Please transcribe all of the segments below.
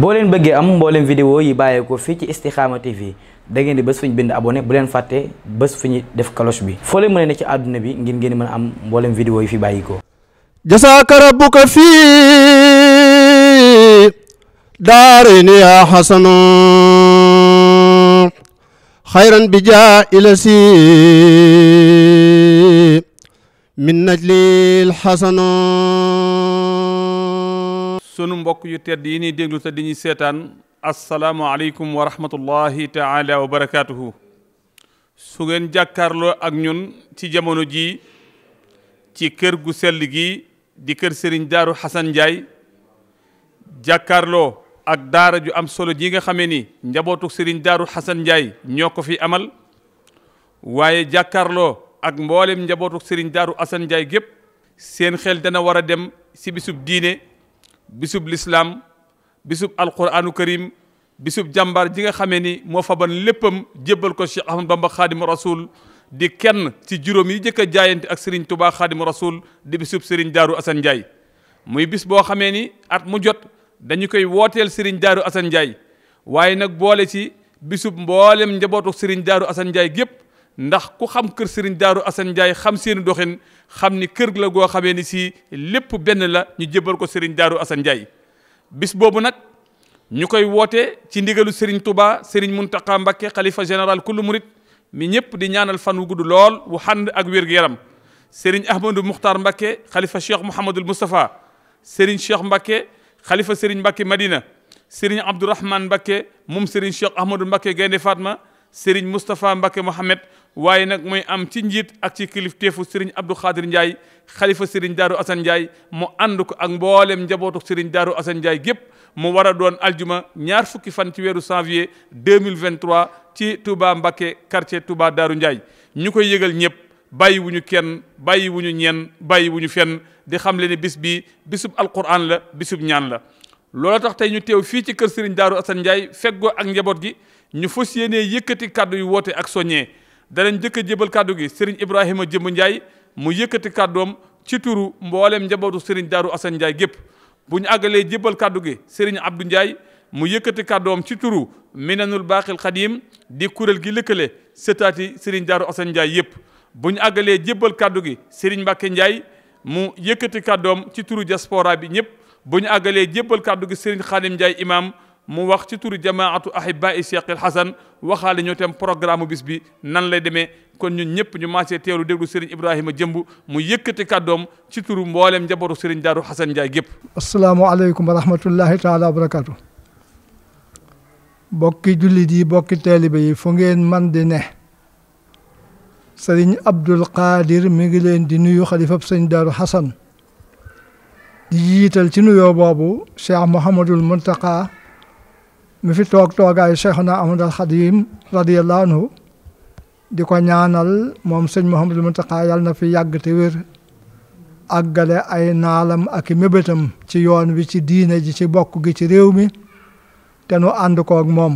booleen leen bëggee am mbooleem vidéo yi bàyyeekoo fii ci Istikhama TV da ngeen di bés fu ñu bind abonné bu leen fàtte bés fu def cloche bi foo leen mën a ci àdduna bi ngir ngeen mën am mbooleem vidéo yi fi bàyyikoo jasaaka rabbuka fii daarayni yaa xasanu xayran bi jaa min najlil xasanu sunu mbokk yu tedd yi ñuy déglu te dañuy seetaan asalaamualeykum wa rahmatullahi taala wa barakaatuhu su ngeen jàkkaarloo ak ñun ci jamono jii ci kër gu sell gi di kër sëriñ Darou Assane Ndiaye jàkkaarloo ak daara ju am solo ji nga xame ni njabootu sëriñ Darou Assane njaay ñoo ko fi amal waaye jàkkaarloo ak mboolem njabootu Serigne Darou Assane Ndiaye gépp seen xel dana war a dem sibisub bisub diine bisub lislaam bisub alquranu karim bisub jàmbaar ji nga xamee ni moo faban léppam jébbal ko si Ahmad Bamba xaadima rasul di kenn ci juróom yi jëkk a jaayante ak Serigne Touba xaadima rasul di bisub Serigne Darou Assane Ndiaye muy bis boo xamee ni at mu jot dañu koy wooteel Serigne Darou Assane Ndiaye waaye nag boole ci bisub mboolem njabootu Serigne Darou Assane Ndiaye gépp ndax ku xam kër Serigne Darou Assane Ndiaye xam seeni doxin xam ni kër la goo xamee ni si lépp benn la ñu jébbal ko Serigne Darou Assane Ndiaye bis boobu nag ñu koy woote ci ndigalu Serigne Touba Serigne Mountakha Mbacké xalifa général kullu murit mi ñëpp di ñaanal fan wu gudd lool wu xànd ak wér yaram Serigne Ahmadou Moukhtar Mbacké xalifa Cheikh Mouhamadul Moustapha Serigne Cheikh Mbacké xalifa Serigne Mbacké Madina Serigne Abdourahmane Mbacké moom Serigne Cheikh Ahmadou Mbacké Gaynde Fatma Serigne Moustapha Mbacké waaye nag mooy am ci njiit ak ci kilifteefu Serigne Abdou Khadir Ndiaye xalifa Serigne Darou Assane Ndiaye mu ànd ko ak mbooleem njabootu Serigne Darou Assane Ndiaye gépp mu war a doon aljuma ñaar fukki fan ci weeru sanvier janvier 2023 ci Touba Mbacké quartier Touba Darou Ndiaye ñu koy yëgal ñëpp bàyyi wu ñu kenn bàyyiwuñu wu ñu ñenn bàyyi fenn di xam le ne bis bi bisub alquran la bisub ñaan la loola tax tey ñu teew fii ci kër Serigne Darou Assane Ndiaye feggoo ak njaboot gi ñu fas yéenee yëkkati kàddu yu woote ak soññee danañ njëkk a jébal kàddu gi sëriñ Ibrahima Jëmb Ndiaye mu yëkkati kàddoom ci turu mboolem njabootu sëriñ Daaru Assane gépp bu ñu àggalee jébal kàddu gi sëriñ abdu Ndiaye mu yëkkati kàddoom ci turu Minanul Baaxil Xadiim di kuréel gi lëkkale sëtaati sëriñ Daaru Assane Ndiaye yëpp bu ñu àggalee jébal kàddu gi sëriñ Mbàkke Ndiaye mu yëkkati kàddoom ci turu diaspora bi ñëpp bu ñu àggalee jébbal kaddu gi sëriñ Xaadim Ndiaye imam mu wax ci turu jamaatu ahibai Cheikh Alhasan waxaale ñoo tam programme bis bi nan lay demee kon ñu ñëpp ñu maasee teelu déglu Serigne Ibrahima Jëmb mu yëkkati kàddoom ci turu mboolem njabootu Serigne Daaru Xasan Njaay gépp asalaamaaleykum wa rahmatullahi taala wa barakatu bokki jullit yi bokki taalibe yi fu man di ne Serigne Abdul Qadir mi ngi leen di nuyu xalifab Serigne Daaru Xasan di yiital ci nuyoo boobu Cheikh Mouhamadul Muntaqa mi fi toog toogaayu Cheikhuna Ahmadul Xadim radiyallahu anhu di ko ñaanal moom sëñ Mouhamadul Muntaqa yàlla na fi yàgg te wér àggale ay naalam ak mébétam ci yoon wi ci diine ji ci bokk gi ci réew mi tenu nu ànd moom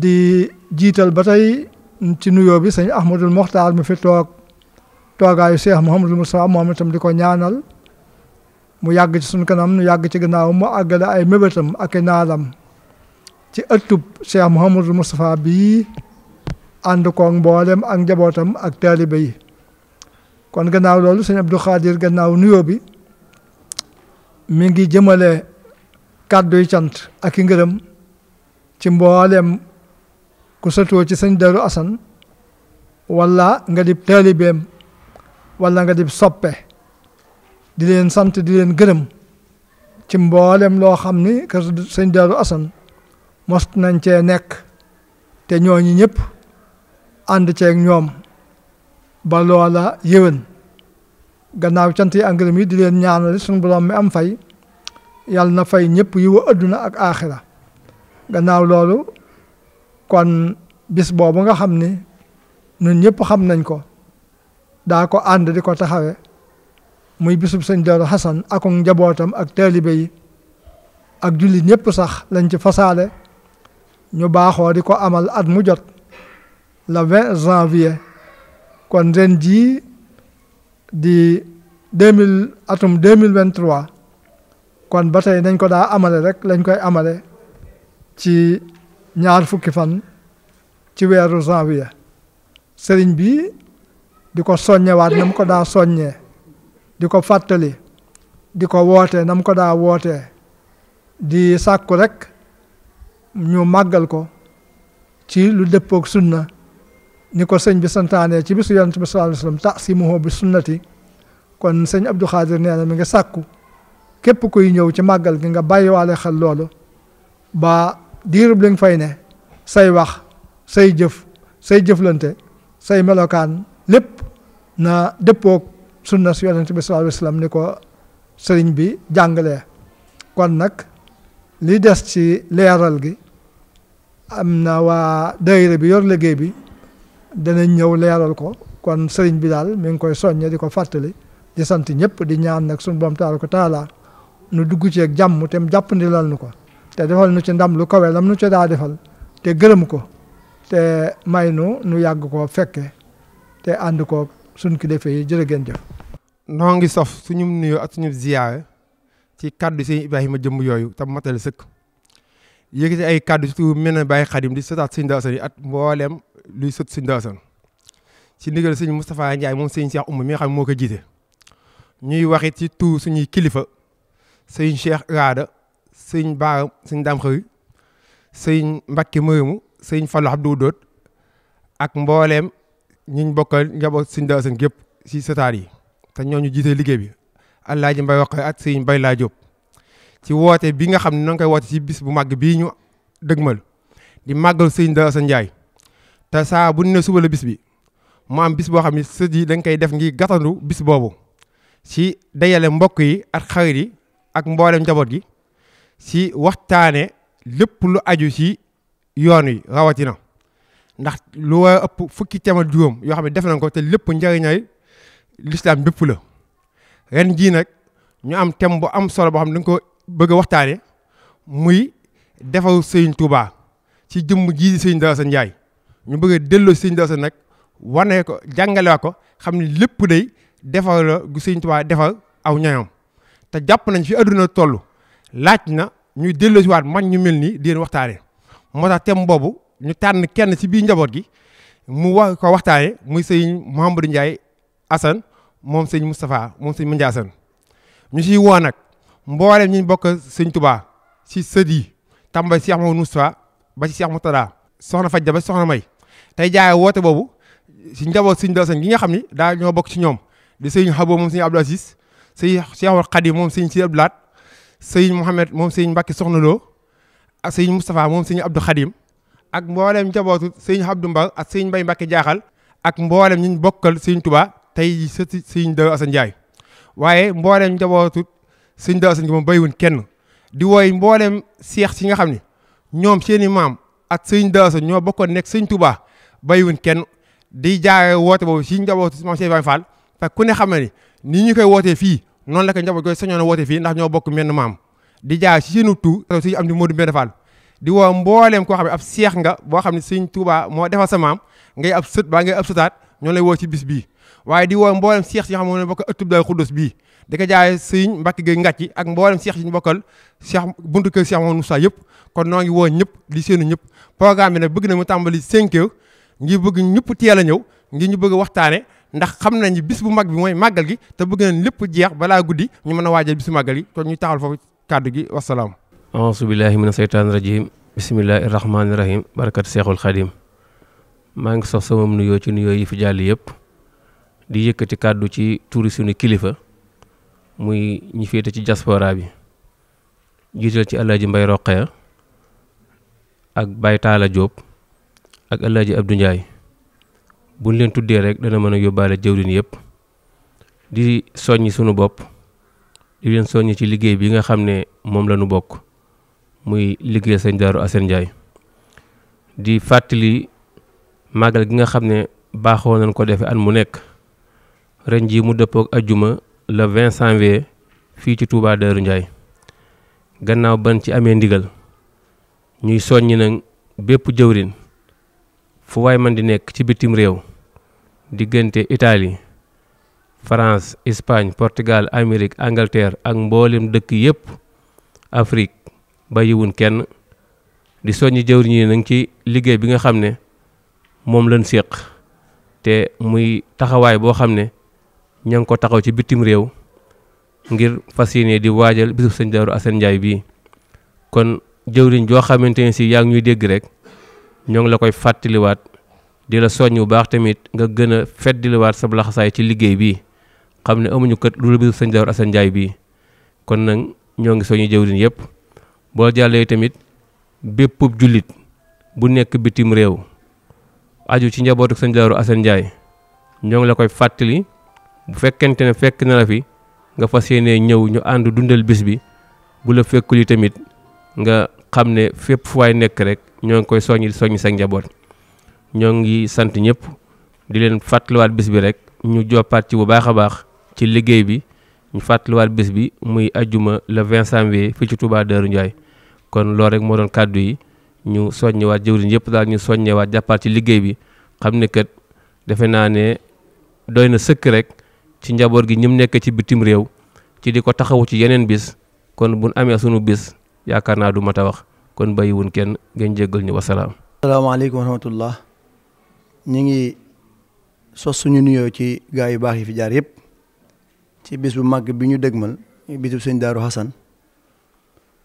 di jiital ba tey ci nuyoo bi sëñ Ahmadul Moxtaar mi fi toog toogaayu Cheikh Mouhamadul Moustapha moom itam di ko ñaanal mu yàgg ci suñ kanam nu yàgg ci gannaawam mu àggale ay mébétam ak i naalam ci ëttub Cheikh Mouhamadou Moustapha bii ànd koog mboolem ak njabootam ak taalibe kon gannaaw loolu sëñ Abdou Khadir gannaaw nuyoo bi mi ngi jëmale kàdduy cant ak i ci mboolem ku sëtoo ci sëñ Darou asan wala nga dib taalibeem wala nga dib soppe di leen sant di leen gërëm ci mboolem loo xam ni kër sëñ Daaru Asan mos nañ cee nekk te ñooñu ñëpp ànd ceeg ñoom ba loola yéwén gannaaw cant yi ak ngërëm yi di leen ñaanale suñu borom mi am fay yàlla na fay ñëpp yiwu adduna ak aaxira gannaaw loolu kon bis boobu nga xam ni ñun ñëpp xam nañ ko daa ko ànd di ko taxawe muy bisub sëñ Daaru Xasan ak njabootam ak taalibe yi ak jullit ñëpp sax lañ ci fasaale ñu baaxoo di ko amal at mu jot le 20 janvier kon ren jii di 2000 atum 2023 kon ba tey nañ ko daa amale rek lañ koy amale ci ñaar fukki fan ci weeru janvier sëriñ bi di ko soññewaat na mu ko daa soññee di ko fàttali di ko woote nam ko daa woote di sàkku rek ñu màggal ko ci lu dëppoog sunna ni ko sëñ bi santaane ci bisu yonent bi sallallahu alayhi wasallam tasimuhu bi sunnati kon sëñ Abdou Khadir nee na mi ngi sàkku képp kuy ñëw ci màggal gi nga bàyyiwaale xel loolu ba diirub li nga fay ne say wax say jëf say jëflante say melokaan lépp na dëppoog sunna su yonent bi sallallahu alayhi wa sallam ni ko sëriñ bi jàngalee kon nag li des ci leeral gi am na waa bi yor liggéey bi danañ ñëw leeral ko kon sëriñ bi daal mi ngi koy soññe di ko fàttali di sant ñëpp di ñaan nag suñu borom taala ko taala nu dugg ci ak jàmm te mu jàppandilal nu ko te defal nu ci ndam lu kawe lam nu ci daa defal te gërëm ko te may nu nu yàgg ko fekke te ànd ko sun ki defee yi jërë ngeen noo ngi sof suñu nuyoo ak suñu ziyaare ci kaddu sëñ ma jëmm yooyu tam matal sëkk yëkkati ay kàddu surtout mel na Baye Khadim di sëtaat sëñ Daasan yi ak mbooleem luy sët sëñ Daasan ci ndigal sëñ Moustapha Ndiaye moom sëñ Cheikh Oumou xam moo ko jiite ñuy wax ci tout suñuy kilifa sëñ Cheikh Raada sëñ Baara sëñ Dame Xëy sëñ Mbakke Mërëmu sëñ Fallou Abdou Doot ak mbooleem ñiñ bokkal njaboot sëñ Daasan gépp si sëtaat yi te ñooñu jiitee liggéey bi Alaaji Mbay Waqe ak Sëriñ Mbay Laa Jóob ci woote bi nga xam ne ñoo koy woote ci bis bu màgg bii ñu dëgmal di màggal Sëriñ Daaru Asan Njaay te saa bu ne suba la bis bi mu am bis boo xam ne sët yi dañ koy def ngir gàttandu bis boobu si dayale mbokk yi ak xarit yi ak mboolem njaboot gi si waxtaane lépp lu aju ci yoon wi rawatina ndax lu war a ëpp fukki temal juróom yoo xam ne def nañ ko te lépp njëriñay l'islam bépp la ren jii nag ñu am thème bu am solo boo xam ne ko bëgg a waxtaane muy defaru Serigne Touba ci jëmm jii di Serigne Darou ñu bëgg a delloo Serigne Darou Assane nag wane ko jàngale ko xam ne lépp day defar gu Serigne Touba aw ñoñam te jàpp nañ fi àdduna toll laaj na ñuy delloo si waat man ñu mel nii di leen waxtaane moo tax thème boobu ñu tànn kenn ci biir njaboot gi mu wax ko waxtaane muy Serigne Mouhamadou Ndiaye asan moom sëñ Moustapha moom sëñ Mandiassane ñu siy woo nag mboolem ñu bokk sëñ si sët yi tàmbali Cheikh Mouhamadou Moustapha ba si Cheikh Mourtada soxna Faj ba soxna May tey jaay woote boobu si njaboot sëñ Dalasan nga xam ni daa bokk ci ñoom di sëñ Xabo moom sëñ Abdou Aziz sëñ Cheikhul Khadim moom sëñ Sidi Abdoulaat sëñ Mouhamed moom sëñ Mbacke Soxna Lo sëñ Moustapha moom sëñ Abdou Khadim ak mboolem njabootu sëñ Abdou Mbaw ak Mbay Mbacke Jaaxal ak mboolem ñu bokkal sëñ Touba tey sët sëñ Daaru Asan Njaay waaye mbooleem njabootu sëñ da Asan Njaay moom bàyyiwuñ kenn di wooy mbooleem seex si nga xam ne ñoom seeni maam ak sëñ da Asan ñoo bokkoon nekk sëñ bay bàyyiwuñ kenn di jaare woote boobu si njabootu si Cheikh Ibrahima Fall parce que ku ne xam ni ñu koy wootee fii noonu la ko njaboot koy sañoon a ndax ñoo bokk menn maam di jaar si seenu tu suñu am di Modou Mbène Fall di woo mbooleem koo xam ne ab seex nga boo xam ne sëñ Tuubaa moo defal sa maam ngay ab sët baa ngay ab sëtaat ñoo lay woo ci bis bii waaye di woo mboolem seex si nga xam ne bokk ëttub Daaru Xuddus bii di ko jaay sëñ Mbàkke Gey Ngàcci ak mboolem seex yi ñu bokkal seex buntu kër seex Mamadou Moussa yëpp kon noo ngi woo ñëpp di seenu ñëpp programme bi bëgg na mu tàmbali cinq heures bëgg ñëpp teel a ñëw ngi ñu bëgg waxtaane ndax xam nañu bis bu mag bi mooy màggal gi te bëgg nañ lépp jeex balaa guddi ñu mën a waajal bisu màggal gi kon ñu taxal foofu kàddu gi wasalaam aousu billahi mina seytaani rajim bismillahi rahmaani rahim barakat seexul xadim maa ngi sox sama nuyoo ci nuyoo yi fi jàll yëpp di yëkkati kàddu ci turi sunu kilifa muy ñi féete ci diaspora bi jiital ci alaaji mbay roqeya ak bay taala jóob ak alaaji abdu njaay buñ leen tuddee rek dana mën a yóbbaale jëwlin yëpp di soññ sunu bopp di leen soññ ci liggéey bi nga xam ne moom la bokk muy liggéey sëñ daaru asan njaay di fàttali màggal gi nga xam ne baaxoo nañ ko defe at mu nekk ren jii mu dëppook ajjuma le 20 janvier fii ci Touba Darou Ndiaye gannaaw ban ci amee ndigal ñuy soññi nag bépp jëwrin fu waay man di nekk ci bitim réew diggante itali France Espagne Portugal Amérique Angleterre ak mboolem dëkk yépp Afrique bàyyiwun kenn di soññi jëwriñ yi nag ci liggéey bi nga xam ne moom lañ séq te muy taxawaay boo xam ne ña ngi ko taxaw ci bitim réew ngir fas yéene di waajal bisub sëñ Daaru Asan Njaay bii kon jëwriñ joo xamante ne si yaa ngi ñuy dégg rek ñoo ngi la koy fàttaliwaat di la soññ bu baax tamit nga gën a feddiliwaat sab laxasaay ci liggéey bii xam ne amuñu kët lu bisub sëñ Daaru Njaay bii kon nag ñoo ngi soññu jëwriñ yëpp boo jàllee tamit bépp jullit bu nekk bitim réew aju ci njabootu sëñ Daaru Asan Njaay ñoo ngi la koy fàttali bu fekkente ne fekk nana fi nga fa yéenee ñëw ñu ànd dundal bis bi bu la fekkul yi tamit nga xam ne fépp fu waay nekk rek ñoo ngi koy soññi soññ sa njaboot ñoo ngi sant ñëpp di leen fàttaliwaat bis bi rek ñu joppaat ci bu baax a baax ci liggéey bi ñu fàttaliwaat bis bi muy ajjuma le 20 janvier fii ci Touba Darou Ndiaye kon lool rek moo doon kàddu yi ñu soññewaat jëwriñ yëpp daal ñu soññewaat jàppaat ci liggéey bi xam ne kat defe naa ne doy na sëkk rek. ci njaboot gi ñim nekk ci bitim réew ci di ko taxawu ci yeneen bis kon bu buñ amee sunu bis yaakaar naa duma mat wax kon bàyyiwun kenn ngeen jéggal ñu wasalaam asalaamaaleykum wa rahmatullah ñi ngi sos suñu nuyoo ci gaa yu baax yi fi jaar yëpp ci bis bu màgg bi ñu dëgmal bisub sëñ Daaru Xasan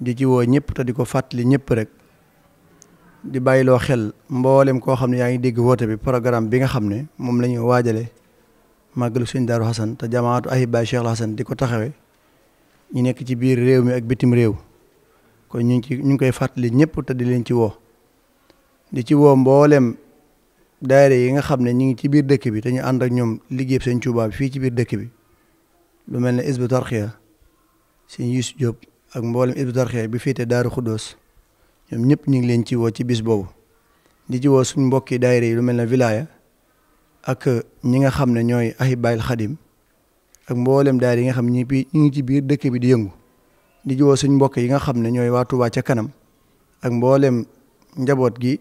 di ci woo ñëpp te di ko fàttali ñëpp rek di bàyyiloo xel mboolem koo xam ne yaa ngi dégg woote bi programme bi nga xam ne moom la ñu waajale màggalu sëñ Daaru Xasan te jamaatu Ahibaay Cheikh Xasan di ko taxawee ñu nekk ci biir réew mi ak bitim réew kon ñu ngi ci ñu ngi koy fàttali ñëpp te di leen ci woo di ci woo mboolem daayira yi nga xam ne ñu ngi ci biir dëkk bi te ànd ak ñoom liggéey sëñ Tuubaa bi fii ci biir dëkk bi lu mel ne Hizbut Tarqiyyah sëñ Yuusu Jóob ak mboolem Hizbut bi féete Daaru Xuddoos ñoom ñëpp ñu ngi leen ci woo ci bis boobu di ci woo suñ mbokki daayira yi lu mel ne Wilaya ak ñi nga xam ne ñooy ahibayil xadim ak mboolem daayira yi nga xam ñi bi ñu ngi ci biir dëkk bi di yëngu di jiwoo suñ mbokk yi nga xam ne ñooy waatu waa ca kanam ak mboolem njaboot gi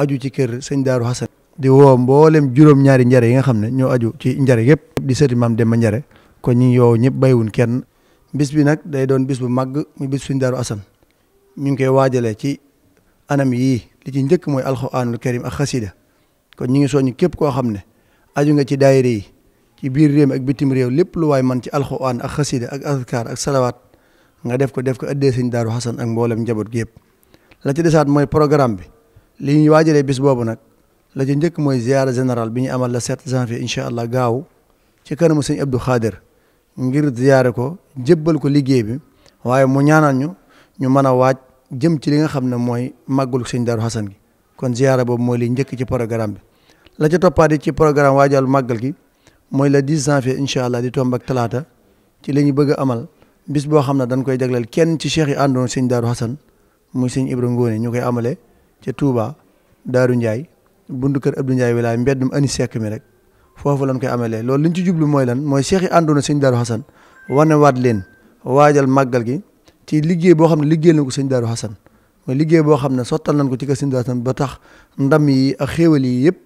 aju ci kër sëñ Daaru Xasan di woo mboolem juróom-ñaari njare yi nga xam ne ñoo aju ci njare yëpp di mam dem ma njare kon ñi yow ñëpp bayiwun kenn bis bi nag day doon bis bu màgg mu bis suñ Daaru Xasan ñu ngi koy waajalee ci anam yii li ci njëkk mooy alxuraanul karim ak xasida ñu ngi soññ képp koo xam ne aju nga ci daayira yi ci biir réew ak bitim réew lépp lu waaye man ci alxuraan ak xasida ak azkar ak salawaat nga def ko def ko addee sëñ daaru xasan ak mboolem njaboot gi yëpp la ci desaat mooy programme bi li ñuy waajalee bis boobu nag la ci njëkk mooy ziara général bi ñu amal la 7 janvier incha allah gaaw ci kanamu sëñ Abdou Khader ngir ziare ko jébbal ko liggéey bi waaye mu ñaanal ñu ñu mën a waaj jëm ci li nga xam ne mooy màggul sëñ daaru xasan gi kon ziara boobu mooy li njëkk ci programme bi la ca toppaat ci programme waajal màggal gi mooy le 10 janvier incha allah di tomb ak talaata ci li ñu bëgg amal bis boo xam ne dañ koy jagleel kenn ci cheikh yi àndoon sëñ Daaru Xasan muy sëñ Ibra Ngóone ñu koy amale ca Touba Daaru Ndiaye bundu kër Abdou Ndiaye wilaay mbeddum ani sekk mi rek foofu lañ koy amalee loolu liñ ci jublu mooy lan mooy cheikh yi àndoon sëñ Daaru Xasan wane waat leen waajal màggal gi ci liggéey boo xam ne liggéey na ko sëñ Daaru Xasan mooy liggéey boo xam ne sottal nañ ko ci kër sëñ Daaru Xasan ba tax ndam yi ak xéewal yi yëpp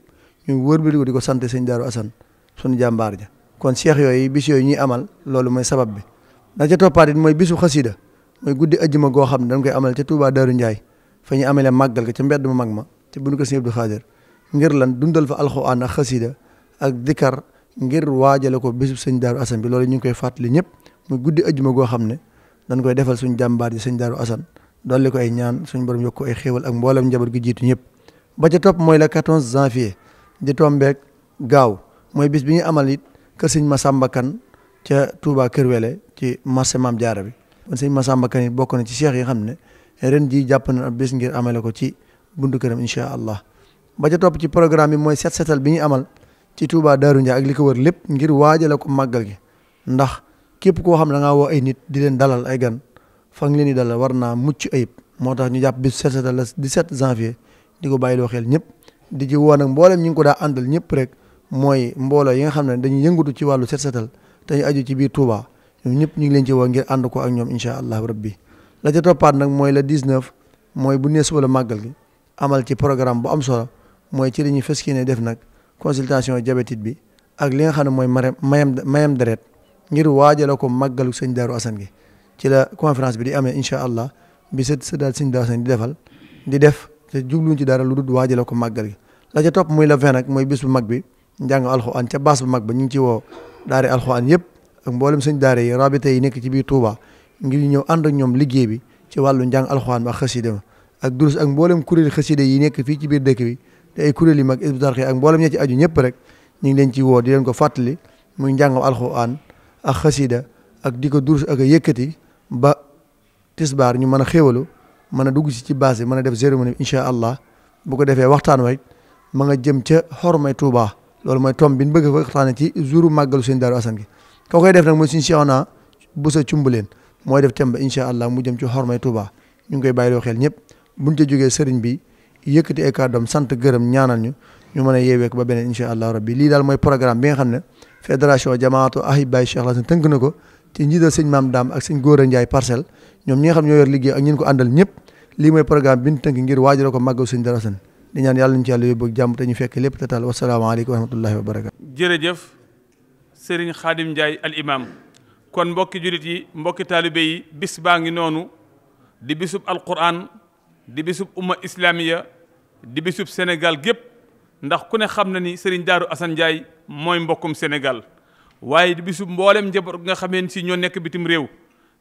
ñu wër bi di ko sant sëñ Daaru Asan sunu jàmbaar ja kon seex yooyu bis yooyu ñuy amal loolu mooy sabab bi da ca toppaat it mooy bisu xasida mooy guddi ajjuma goo xam ne dañ koy amal ca Touba Daaru Ndiaye fa ñu amalee màggal ga ca mbedd mu mag ma ca buñu ko sëñ Abdou Xaadir ngir lan dundal fa alxuraan ak xasida ak dikar ngir waajale ko bisub sëñ Daaru Asan bi loolu ñu ngi koy fàttali ñëpp muy guddi ajjuma goo xam ne dañ koy defal suñu jàmbaar ji sëñ Daaru Asan dolli ko ay ñaan suñ borom yokk ko ay xéewal ak mboolem njaboot gi jiitu ñëpp ba ca topp mooy le 14 janvier di tombeek gaaw mooy bis bi ñu amal it kër sëñ Massamba Kane ca Touba Kër Wele ci marché Maam Jaara bi kon sëñ Massamba Kane yi bokk na ci cheikh yi xam ne ren jii jàpp na ab bis ngir amale ko ci buntu këram incha allah ba ca topp ci programme bi mooy set setal bi ñu amal ci Touba Darou Ndiaye ak li ko wër lépp ngir waajale ko màggal gi ndax képp koo xam ne da ngaa woo ay nit di leen dalal ay gan fa nga leen di dalal war naa mucc ayib moo tax ñu jàpp bis set setal la 17 janvier di ko bàyyiloo xel ñëpp. di ci woo nag mboolem ñi ngi ko daa àndal ñëpp rek mooy mbooloo yi nga xam ne dañuy yëngatu ci wàllu set setal te ñu aju ci biir Touba ñëpp ñu ngi leen woo ngir ànd ko ak ñoom incha allah rabbi la ca toppaat nag mooy le 19 mooy bu nees wala màggal gi amal ci programme bu am solo mooy ci li ñu fës ne def nag consultation diabétique bi ak li nga xam ne mooy mayam mayam deret ngir waajale ko màggalu sëñ Daaru Asan gi ci la conférence bi di amee incha allah bi sët sëdaal sëñ Daaru Asan di defal di def te jubluñ ci dara lu dul waajale ko màggal gi la ca topp muy la vingt nag mooy bis bu mag bi njàng alxuraan ca baas bu mag ba ñu ngi ci woo daare alxuraan yëpp ak mboolem sëñ daare yi rabita yi nekk ci biir Touba ngir ñëw ànd ak ñoom liggéey bi ci wàllu njàng alxuraan ba ak xaside ma ak durus ak mboolem kuréel xaside yi nekk fii ci biir dëkk bi te ay kuréel yi mag isbu tarxi ak mboolem ña ci aju ñëpp rek ñu ngi leen ci woo di leen ko fàttali muy njàngam alxuraan ak xasida ak di ko durus ak a yëkkati ba tisbaar ñu mën a xéwalu mën a dugg si ci base bi mën a def cérémonie bi incha allah bu ko defee waxtaan way ma nga jëm ca xormay tuba loolu mooy tom bi ñu bëgg fa waxtaane ci jouru màggalu sëñ Daaru Asan gi koo koy def nag mooy ci Seexuna bu sa cumbaleen mooy def temb incha allah mu jëm ci xormay Touba ñu ngi koy bàyyi loo xel ñëpp buñ ca jógee sëriñ bi yëkk yëkkati ay kàddoom sant gërëm ñaanal ñu ñu mën a yeewee ko ba beneen incha allah rabbi lii daal mooy programme bi nga xam ne fédération jamaatu ahibay Cheikh Lassane tënk na ko ci njiital sëñ maam daam ak sëñ góor a Njaay parcelle ñoom ñi nga xam ñoo yor liggéey ak ñin ko àndal ñëpp lii mooy programme bi ñu tënk ngir waajal ko màggal sëñ Darou Hassane di ñaan ñu ci yàlla yóbbu ak jàmm te ñu fekk lépp te taal wasalaamaaleykum wa rahmatullahi kon mbokki julit yi mbokki taalibe yi bis baa ngi noonu di bisub alquran di bisub umma islamiya di bisub Sénégal gépp ndax ku ne xam na ni Serigne Darou Hassane Ndiaye mooy mbokkum Sénégal waaye di bisu mboolem njaboot nga xamee ni si ñoo nekk bitim réew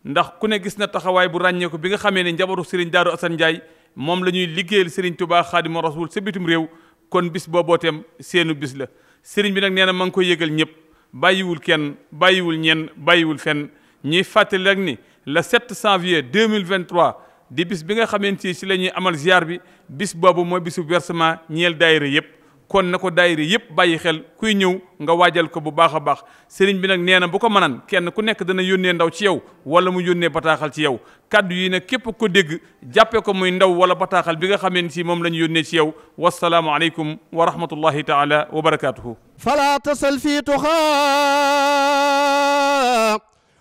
ndax ku ne gis na taxawaay bu ràññeeku bi nga xamee ne njabootu Serigne Darou Assane Ndiaye moom la ñuy liggéeyal Serigne Touba Xaadimu Rasul sa bitim réew kon bis boobooteem seenu bis la Serigne bi nag nee na ma ngi koy yëgal ñëpp bàyyiwul kenn bàyyiwul ñenn bàyyiwul fenn ñuy fàttali rek ni le 7 janvier 2023 di bis bi nga xamante si la ñuy amal ziar bi bis boobu mooy bisu versement ñeel daayira yëpp. kon na ko daayira yëpp bàyyi xel kuy ñëw nga waajal ko bu baax a baax sëriñ bi nag nee na bu ko mënan kenn ku nekk dana yónnee ndaw ci yow wala mu yónnee bataaxal ci yow kaddu yi nag képp ko dégg jàppee ko muy ndaw wala bataaxal bi nga xamee ni si moom la yónnee ci yow wasalaamu aleykum wa rahmatullahi taala wa barakaatuhu fala tasal fii tuxa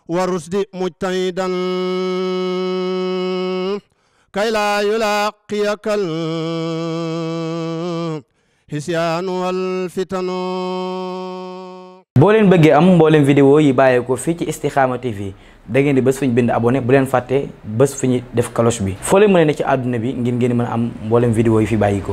wa rusdi mujtahidan kay laa yulaqiyakal hisyaanu wal fitanu boo leen bëggee am mbooleem vidéo yi bàyyeekoo fii ci Istikhama TV da ngeen di bés fu bind abonné bu leen fàtte bés fu ñu def cloche bi foo leen mën ne ci àdduna bi ngir ngeen mën am mbooleem vidéo yi fi bàyyikoo